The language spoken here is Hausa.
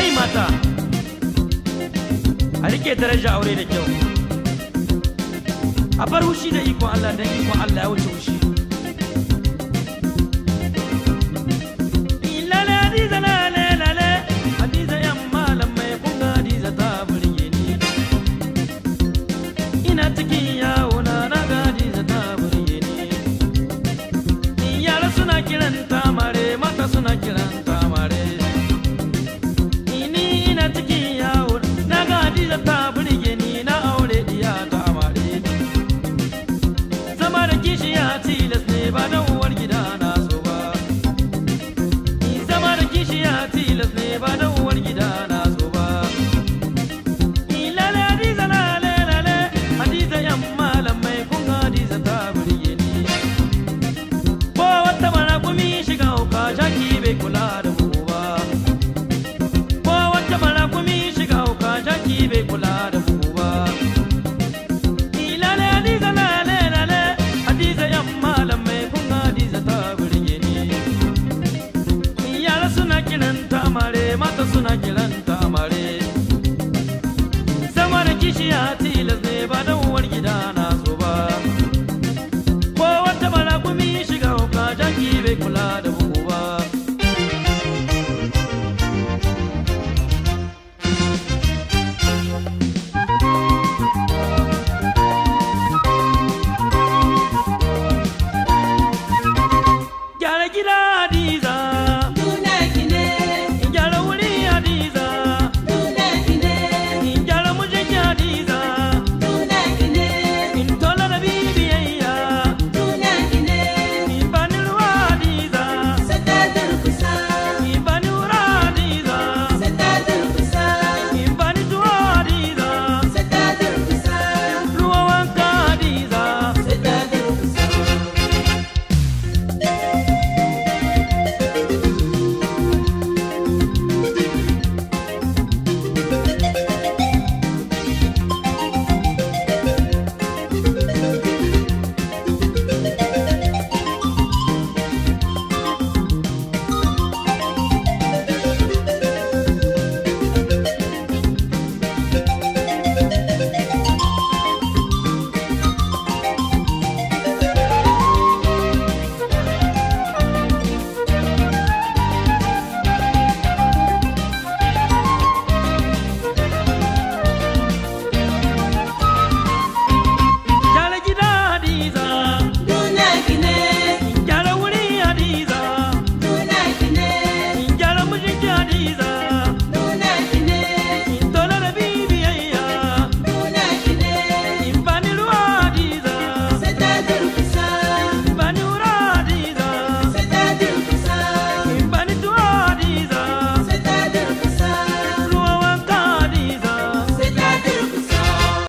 kai mata a rike daraja aure da kyau a bar hushi da ikon Allah don ikon Allah ya wuce hushi ina ciki jaki bai kula da mu ba ko wata mara kumi shiga uka jaki bai kula da mu ba ilale hadiza lale lale hadiza yan malam mai kun hadiza ta burge ni yara suna ta mare mata suna kiranta